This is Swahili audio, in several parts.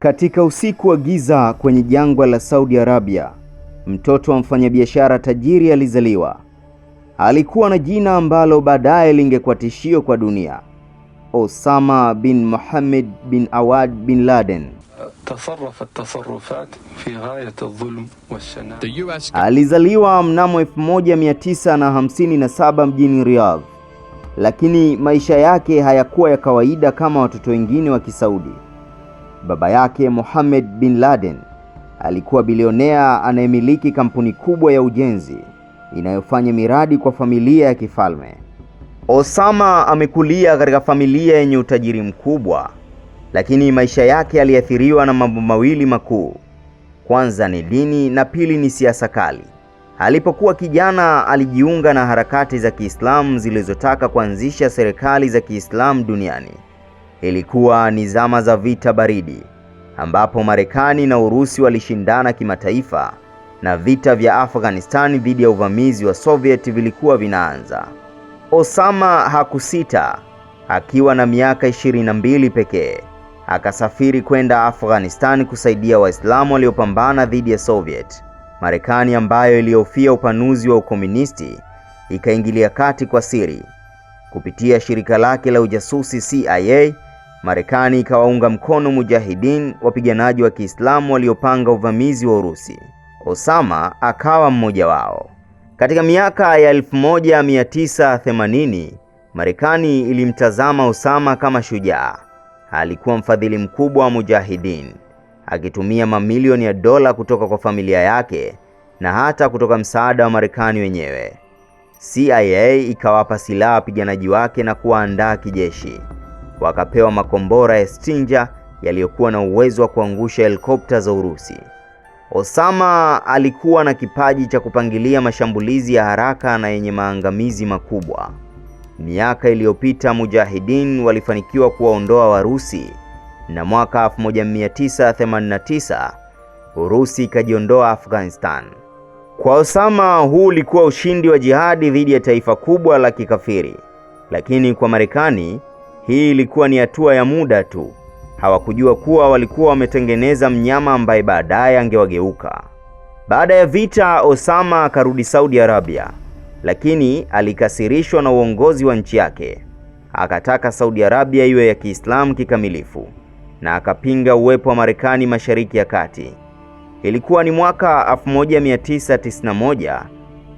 Katika usiku wa giza kwenye jangwa la Saudi Arabia, mtoto wa mfanyabiashara tajiri alizaliwa. Alikuwa na jina ambalo baadaye lingekuwa tishio kwa dunia, Osama bin Mohammed bin Awad bin Laden. Alizaliwa mnamo 1957 mjini Riyadh, lakini maisha yake hayakuwa ya kawaida kama watoto wengine wa Kisaudi. Baba yake Mohammed bin Laden alikuwa bilionea anayemiliki kampuni kubwa ya ujenzi inayofanya miradi kwa familia ya kifalme. Osama amekulia katika familia yenye utajiri mkubwa, lakini maisha yake yaliathiriwa na mambo mawili makuu. Kwanza ni dini na pili ni siasa kali. Alipokuwa kijana alijiunga na harakati za Kiislamu zilizotaka kuanzisha serikali za Kiislamu duniani. Ilikuwa ni zama za vita baridi ambapo Marekani na Urusi walishindana kimataifa na vita vya Afghanistan dhidi ya uvamizi wa Soviet vilikuwa vinaanza. Osama hakusita, akiwa na miaka 22 pekee, akasafiri kwenda Afghanistan kusaidia Waislamu waliopambana dhidi ya Soviet. Marekani ambayo ilihofia upanuzi wa ukomunisti ikaingilia kati kwa siri kupitia shirika lake la ujasusi CIA Marekani ikawaunga mkono mujahidin, wapiganaji wa Kiislamu waliopanga uvamizi wa Urusi. Osama akawa mmoja wao. Katika miaka ya 1980 Marekani ilimtazama Osama kama shujaa. Alikuwa mfadhili mkubwa wa mujahidin, akitumia mamilioni ya dola kutoka kwa familia yake na hata kutoka msaada wa Marekani wenyewe. CIA ikawapa silaha wapiganaji wake na kuwaandaa kijeshi wakapewa makombora ya Stinger yaliyokuwa na uwezo wa kuangusha helikopta za Urusi. Osama alikuwa na kipaji cha kupangilia mashambulizi ya haraka na yenye maangamizi makubwa. Miaka iliyopita Mujahideen walifanikiwa kuwaondoa Warusi na mwaka 1989 Urusi ikajiondoa Afghanistan. Kwa Osama huu ulikuwa ushindi wa jihadi dhidi ya taifa kubwa la kikafiri, lakini kwa Marekani hii ilikuwa ni hatua ya muda tu. Hawakujua kuwa walikuwa wametengeneza mnyama ambaye baadaye angewageuka. Baada ya vita, Osama akarudi Saudi Arabia, lakini alikasirishwa na uongozi wa nchi yake. Akataka Saudi Arabia iwe ya Kiislamu kikamilifu na akapinga uwepo wa Marekani Mashariki ya Kati. Ilikuwa ni mwaka 1991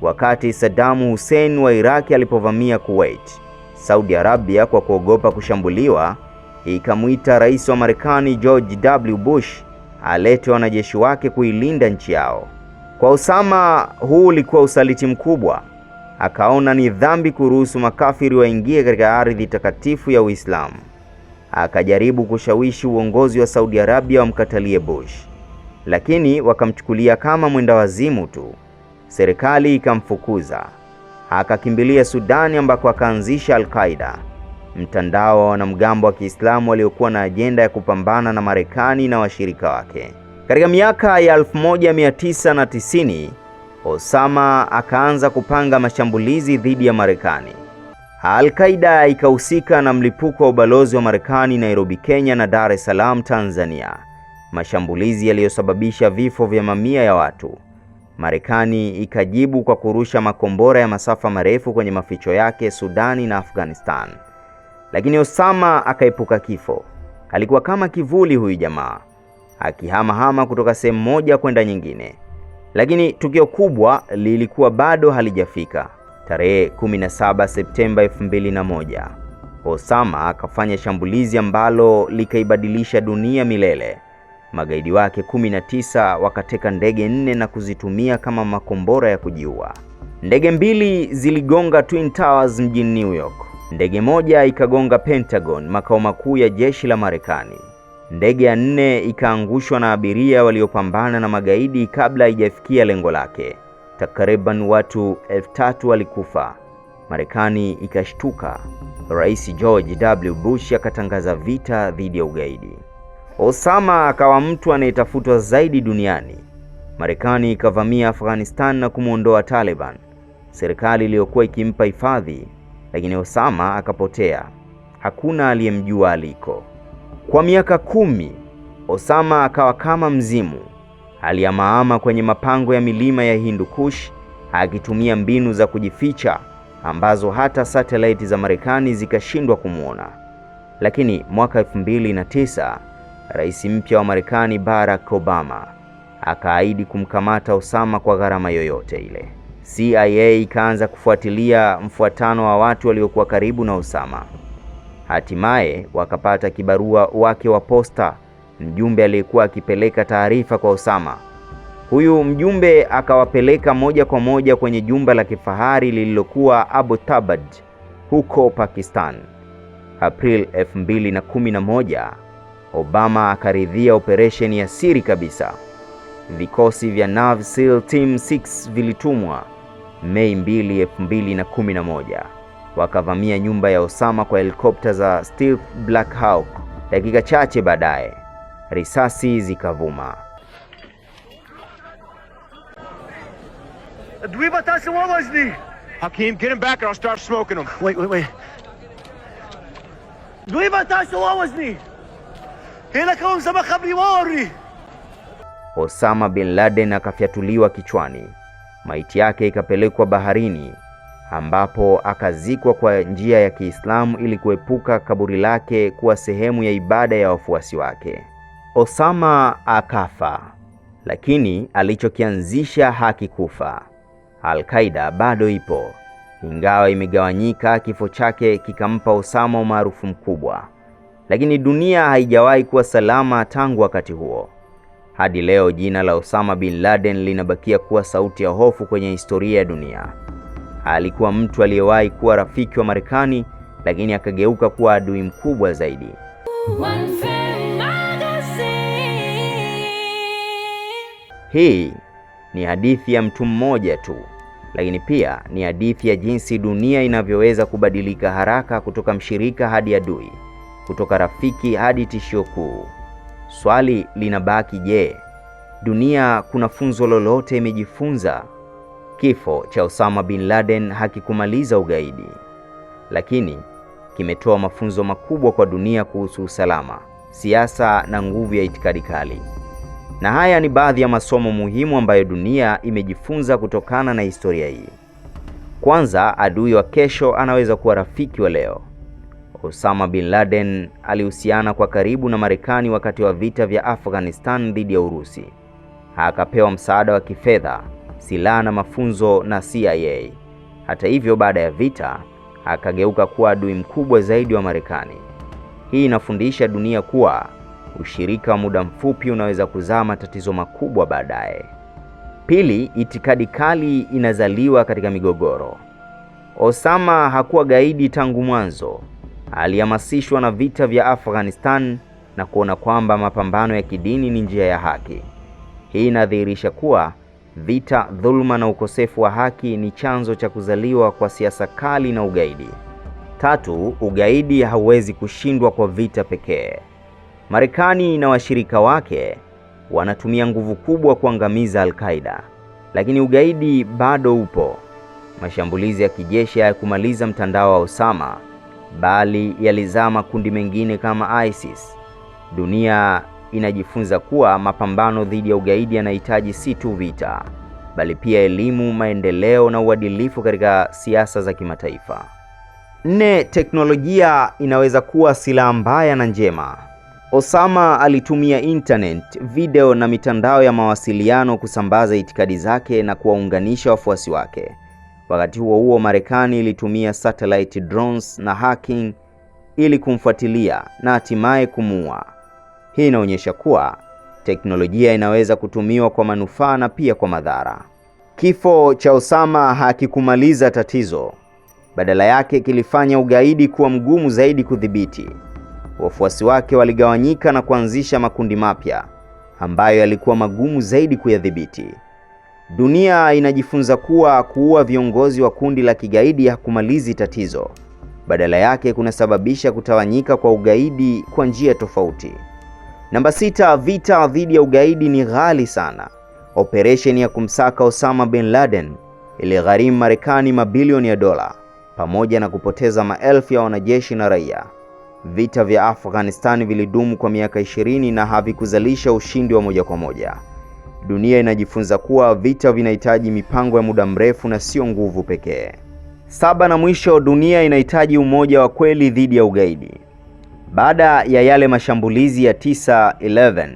wakati Saddam Hussein wa Iraki alipovamia Kuwait. Saudi Arabia kwa kuogopa kushambuliwa ikamwita rais wa Marekani George W. Bush alete wanajeshi wake kuilinda nchi yao. Kwa usama huu ulikuwa usaliti mkubwa, akaona ni dhambi kuruhusu makafiri waingie katika ardhi takatifu ya Uislamu. Akajaribu kushawishi uongozi wa Saudi Arabia wamkatalie Bush, lakini wakamchukulia kama mwenda wazimu tu. Serikali ikamfukuza akakimbilia Sudani ambako akaanzisha Al-Qaida, mtandao wa wanamgambo wa Kiislamu waliokuwa na ajenda ya kupambana na Marekani na washirika wake. Katika miaka ya 1990 Osama akaanza kupanga mashambulizi dhidi ya Marekani. Al-Qaida ikahusika na mlipuko wa ubalozi wa Marekani Nairobi, Kenya na Dar es Salaam, Tanzania, mashambulizi yaliyosababisha vifo vya mamia ya watu. Marekani ikajibu kwa kurusha makombora ya masafa marefu kwenye maficho yake Sudani na Afghanistan. Lakini Osama akaepuka kifo. Alikuwa kama kivuli huyu jamaa, akihamahama kutoka sehemu moja kwenda nyingine. Lakini tukio kubwa lilikuwa bado halijafika. Tarehe 17 Septemba 2001, Osama akafanya shambulizi ambalo likaibadilisha dunia milele. Magaidi wake 19 wakateka ndege nne na kuzitumia kama makombora ya kujiua. Ndege mbili ziligonga Twin Towers mjini New York. Ndege moja ikagonga Pentagon, makao makuu ya jeshi la Marekani. Ndege ya nne ikaangushwa na abiria waliopambana na magaidi kabla haijafikia lengo lake. Takriban watu elfu tatu walikufa. Marekani ikashtuka. Rais George W. Bush akatangaza vita dhidi ya ugaidi. Osama akawa mtu anayetafutwa zaidi duniani. Marekani ikavamia Afghanistan na kumwondoa Taliban, serikali iliyokuwa ikimpa hifadhi, lakini Osama akapotea. Hakuna aliyemjua aliko. Kwa miaka kumi, Osama akawa kama mzimu. Aliamaama kwenye mapango ya milima ya Hindu Kush akitumia mbinu za kujificha ambazo hata satelaiti za Marekani zikashindwa kumwona. Lakini mwaka 2009 rais mpya wa Marekani Barack Obama akaahidi kumkamata Osama kwa gharama yoyote ile. CIA ikaanza kufuatilia mfuatano wa watu waliokuwa karibu na Osama. Hatimaye wakapata kibarua wake wa posta, mjumbe aliyekuwa akipeleka taarifa kwa Osama. Huyu mjumbe akawapeleka moja kwa moja kwenye jumba la kifahari lililokuwa Tabad huko Pakistan. April 2011 Obama akaridhia operesheni ya siri kabisa. Vikosi vya Nav SEAL Team 6 vilitumwa Mei 2, 2011 wakavamia nyumba ya Osama kwa helikopta za Stealth Black Hawk. Dakika chache baadaye risasi zikavuma. Osama bin Laden akafyatuliwa kichwani. Maiti yake ikapelekwa baharini ambapo akazikwa kwa njia ya Kiislamu ili kuepuka kaburi lake kuwa sehemu ya ibada ya wafuasi wake. Osama akafa, lakini alichokianzisha hakikufa. Al-Qaida bado ipo, ingawa imegawanyika. Kifo chake kikampa Osama umaarufu mkubwa lakini dunia haijawahi kuwa salama tangu wakati huo. Hadi leo jina la Osama bin Laden linabakia kuwa sauti ya hofu kwenye historia ya dunia. Alikuwa mtu aliyewahi kuwa rafiki wa Marekani, lakini akageuka kuwa adui mkubwa zaidi. Hii ni hadithi ya mtu mmoja tu, lakini pia ni hadithi ya jinsi dunia inavyoweza kubadilika haraka kutoka mshirika hadi adui kutoka rafiki hadi tishio kuu. Swali linabaki je, dunia kuna funzo lolote imejifunza? Kifo cha Osama bin Laden hakikumaliza ugaidi, lakini kimetoa mafunzo makubwa kwa dunia kuhusu usalama, siasa na nguvu ya itikadi kali. Na haya ni baadhi ya masomo muhimu ambayo dunia imejifunza kutokana na historia hii. Kwanza, adui wa kesho anaweza kuwa rafiki wa leo. Osama bin Laden alihusiana kwa karibu na Marekani wakati wa vita vya Afghanistan dhidi ya Urusi. Akapewa msaada wa kifedha, silaha na mafunzo na CIA. Hata hivyo, baada ya vita akageuka kuwa adui mkubwa zaidi wa Marekani. Hii inafundisha dunia kuwa ushirika wa muda mfupi unaweza kuzaa matatizo makubwa baadaye. Pili, itikadi kali inazaliwa katika migogoro. Osama hakuwa gaidi tangu mwanzo alihamasishwa na vita vya Afghanistan na kuona kwamba mapambano ya kidini ni njia ya haki. Hii inadhihirisha kuwa vita, dhuluma na ukosefu wa haki ni chanzo cha kuzaliwa kwa siasa kali na ugaidi. Tatu, ugaidi hauwezi kushindwa kwa vita pekee. Marekani na washirika wake wanatumia nguvu kubwa kuangamiza al qaeda lakini ugaidi bado upo. Mashambulizi ya kijeshi hayakumaliza mtandao wa Osama, bali yalizaa makundi mengine kama ISIS. Dunia inajifunza kuwa mapambano dhidi ya ugaidi yanahitaji si tu vita, bali pia elimu, maendeleo na uadilifu katika siasa za kimataifa. Nne, teknolojia inaweza kuwa silaha mbaya na njema. Osama alitumia internet, video na mitandao ya mawasiliano kusambaza itikadi zake na kuwaunganisha wafuasi wake. Wakati huo huo, Marekani ilitumia satellite drones na hacking ili kumfuatilia na hatimaye kumuua. Hii inaonyesha kuwa teknolojia inaweza kutumiwa kwa manufaa na pia kwa madhara. Kifo cha Osama hakikumaliza tatizo, badala yake kilifanya ugaidi kuwa mgumu zaidi kudhibiti. Wafuasi wake waligawanyika na kuanzisha makundi mapya ambayo yalikuwa magumu zaidi kuyadhibiti. Dunia inajifunza kuwa kuua viongozi wa kundi la kigaidi hakumalizi tatizo, badala yake kunasababisha kutawanyika kwa ugaidi kwa njia tofauti. Namba sita, vita dhidi ya ugaidi ni ghali sana. Operesheni ya kumsaka Osama bin Laden iligharimu Marekani mabilioni ya dola pamoja na kupoteza maelfu ya wanajeshi na raia. Vita vya Afghanistan vilidumu kwa miaka 20 na havikuzalisha ushindi wa moja kwa moja dunia inajifunza kuwa vita vinahitaji mipango ya muda mrefu na sio nguvu pekee. Saba na mwisho, dunia inahitaji umoja wa kweli dhidi ya ugaidi. Baada ya yale mashambulizi ya 9/11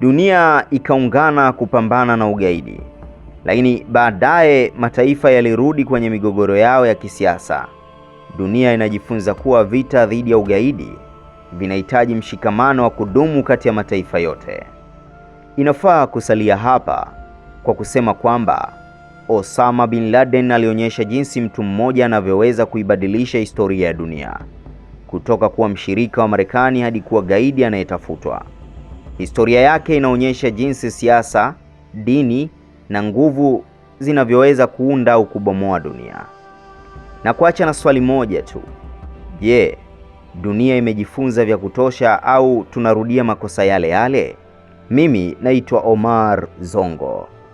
dunia ikaungana kupambana na ugaidi, lakini baadaye mataifa yalirudi kwenye migogoro yao ya kisiasa. Dunia inajifunza kuwa vita dhidi ya ugaidi vinahitaji mshikamano wa kudumu kati ya mataifa yote. Inafaa kusalia hapa kwa kusema kwamba Osama bin Laden alionyesha jinsi mtu mmoja anavyoweza kuibadilisha historia ya dunia kutoka kuwa mshirika wa Marekani hadi kuwa gaidi anayetafutwa. Historia yake inaonyesha jinsi siasa, dini na nguvu zinavyoweza kuunda au kubomoa dunia. Na kuacha na swali moja tu. Je, dunia imejifunza vya kutosha au tunarudia makosa yale yale? Mimi naitwa Omar Zongo.